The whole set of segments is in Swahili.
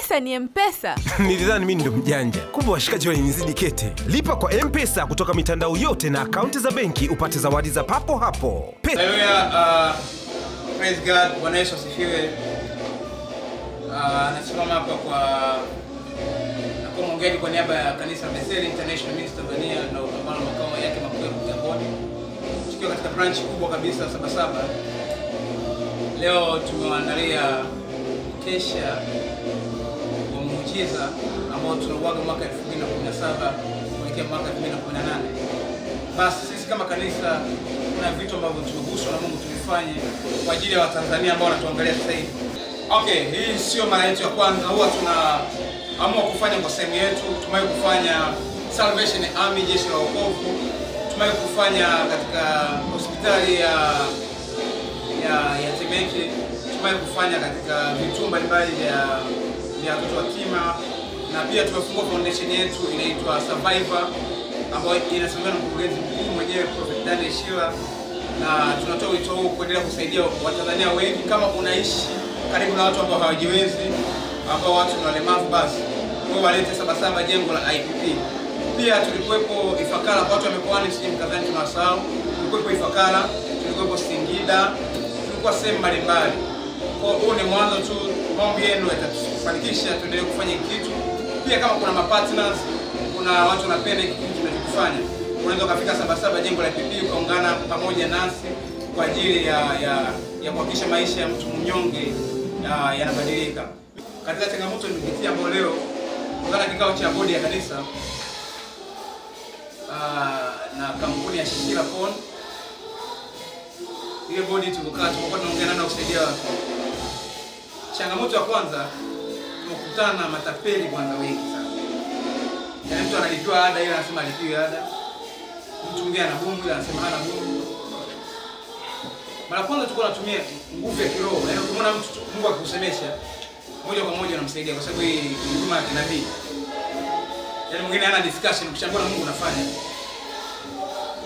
pesa ni Mpesa. Nilidhani mimi ndo mjanja, kumbe washikaji walinizidi kete. Lipa kwa Mpesa kutoka mitandao yote na akaunti za benki upate zawadi za papo hapo. Haleluya, uh, praise God. Bwana Yesu asifiwe. Uh, nasimama hapa kwa nakuwa kwa niaba ya kanisa Bethel International Ministry Tanzania na utambalo makao yake makuu ya Kigamboni, tukiwa katika branch kubwa kabisa Sabasaba. Leo tumewaandalia kesha kuicheza ambao tunauaga mwaka 2017 kuelekea mwaka 2018. Basi sisi kama kanisa kuna vitu ambavyo tumeguswa na Mungu tulifanye kwa ajili ya Watanzania ambao wanatuangalia sasa hivi. Okay, hii sio mara yetu ya kwanza, huwa tunaamua kufanya kwa sehemu yetu. Tumai kufanya Salvation Army, jeshi la wokovu, tumai kufanya katika hospitali ya ya, ya Temeke, tumewahi kufanya katika vituo mbalimbali vya ya watoto yatima, na pia tumefungua foundation yetu inaitwa Survivor ambayo inasimamiwa na mkurugenzi mkuu mwenyewe Prophet Daniel Shila, na tunatoa wito huu kuendelea kusaidia Watanzania wengi. Kama unaishi karibu na watu ambao hawajiwezi, ambao watu ni walemavu, basi wewe walete Sabasaba jengo la IPP. Pia tulikuwepo Ifakara, watu wamekoani, sijui mkadhani tunasahau, Tulikuwepo Ifakara, tulikuwepo Singida, tulikuwa sehemu mbalimbali. Kwa hiyo huu ni mwanzo tu maombi yenu yatatufanikisha tuendelee kufanya kitu. Pia kama kuna mapartners, kuna watu wanapenda hiki kitu tunachokifanya, unaweza ukafika Sabasaba jengo la PP ukaungana pamoja nasi kwa ajili ya ya, ya kuhakikisha maisha ya mtu mnyonge yanabadilika. Ya katika changamoto nilipitia ambayo leo kutokana kikao cha bodi ya kanisa ah, na kampuni ya Shishira Phone ile bodi tulikaa tukakuwa tunaongea namna kusaidia Changamoto ya kwanza tumekutana na matapeli kwanza wengi sana. Yaani mtu analipiwa ada ila anasema alipiwe ada. Mtu mwingine ana bomu ila anasema hana bomu. Mara kwanza tulikuwa tunatumia nguvu ya kiroho. Yaani ukimwona mtu Mungu akikusemesha moja kwa moja unamsaidia kwa sababu hii ni huduma ya kinabii. Yaani mwingine hana discussion ukishakuwa na Mungu unafanya.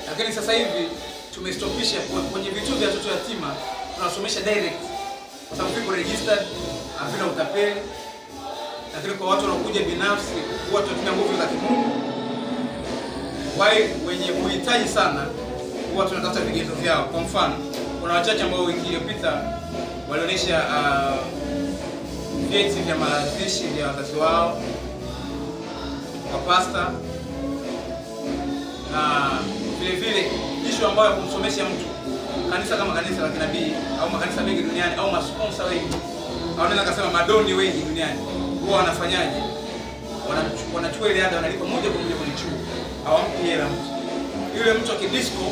Lakini sasa hivi tumestopisha kwenye vituo vya watoto yatima tunasomesha direct registered hakuna utapeli, lakini kwa watu wanaokuja binafsi huwa tunatumia nguvu za kimungu. hiyo wenye kuhitaji sana huwa tunatafuta vigezo vyao. Kwa mfano, kuna wachache ambao wiki iliyopita walionyesha uh, vyeti vya mazishi vya wazazi wao kwa pasta na ah, vile vile ishu ambayo kumsomesha mtu kanisa kama kanisa la kinabii au makanisa mengi duniani au masponsa wengi au naweza kusema madoni wengi duniani huwa wanafanyaje? Wanachukua ile ada wanalipa moja kwa moja kwenye chuo, hawampi hela Yule mtu akidisco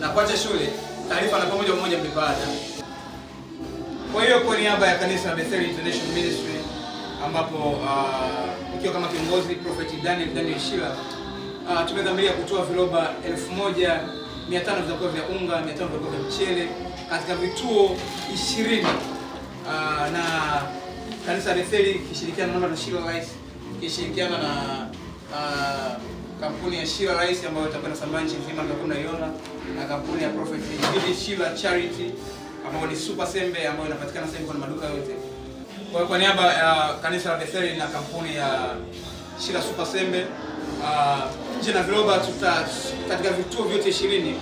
na kuacha shule, taarifa na pamoja moja mlipa ada. Kwa hiyo kwa niaba ya kanisa la Bethel International Ministry ambapo uh, ah, ikiwa kama kiongozi Prophet Daniel Daniel Shila uh, tumedhamiria kutoa viroba elfu moja mia tano vitakuwa vya unga, mia tano vitakuwa vya mchele katika vituo ishirini uh, na kanisa Betheli ikishirikiana na mama Shira Rice ikishirikiana na uh, kampuni ya Shira Rice ambayo itakuwa inasambaa nchi nzima, ndio unaiona na kampuni ya Prophet Billy Shira Charity ambayo ni super sembe ambayo inapatikana sasa hivi kwenye maduka yote. Kwa kwa niaba ya uh, kanisa la Betheli na kampuni ya Shira Super Sembe uh, nje na viroba tuta, katika vituo vyote ishirini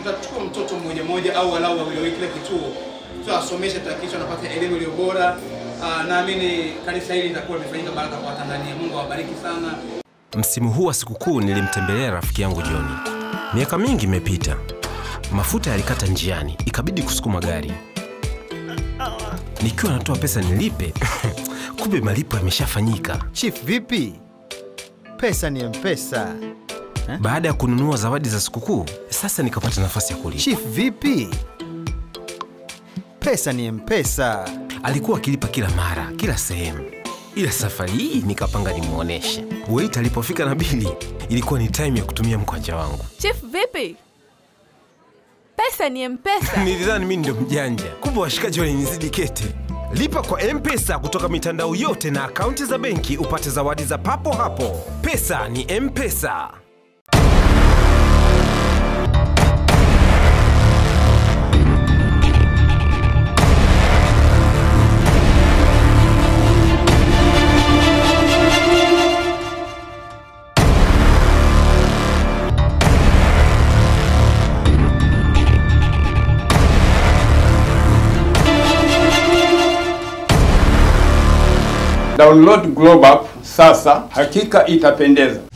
tutachukua mtoto mmoja mmoja au walau wawili wawili kila kituo, tutawasomesha, tutahakikisha wanapata elimu iliyo bora. Ah, naamini kanisa hili litakuwa limefanyika baraka kwa Tanzania. Mungu awabariki sana. Msimu huu wa sikukuu nilimtembelea rafiki yangu Joni. Miaka mingi imepita, mafuta yalikata njiani, ikabidi kusukuma gari. Nikiwa natoa pesa nilipe, kumbe malipo yameshafanyika. Chief, vipi? pesa ni mpesa ha? Eh? Baada ya kununua zawadi za sikukuu, sasa nikapata nafasi ya kulipa. Chief vipi? Pesa ni mpesa. Alikuwa akilipa kila mara, kila sehemu, ila safari hii nikapanga nimwonyeshe Wait alipofika na bili, ilikuwa ni time ya kutumia mkwanja wangu. Chief vipi? Pesa ni mpesa. Nilidhani mii ndio mjanja, kumbe washikaji walinizidi kete. Lipa kwa mpesa kutoka mitandao yote na akaunti za benki upate zawadi za papo hapo pesa ni mpesa. Download Globe app sasa hakika itapendeza.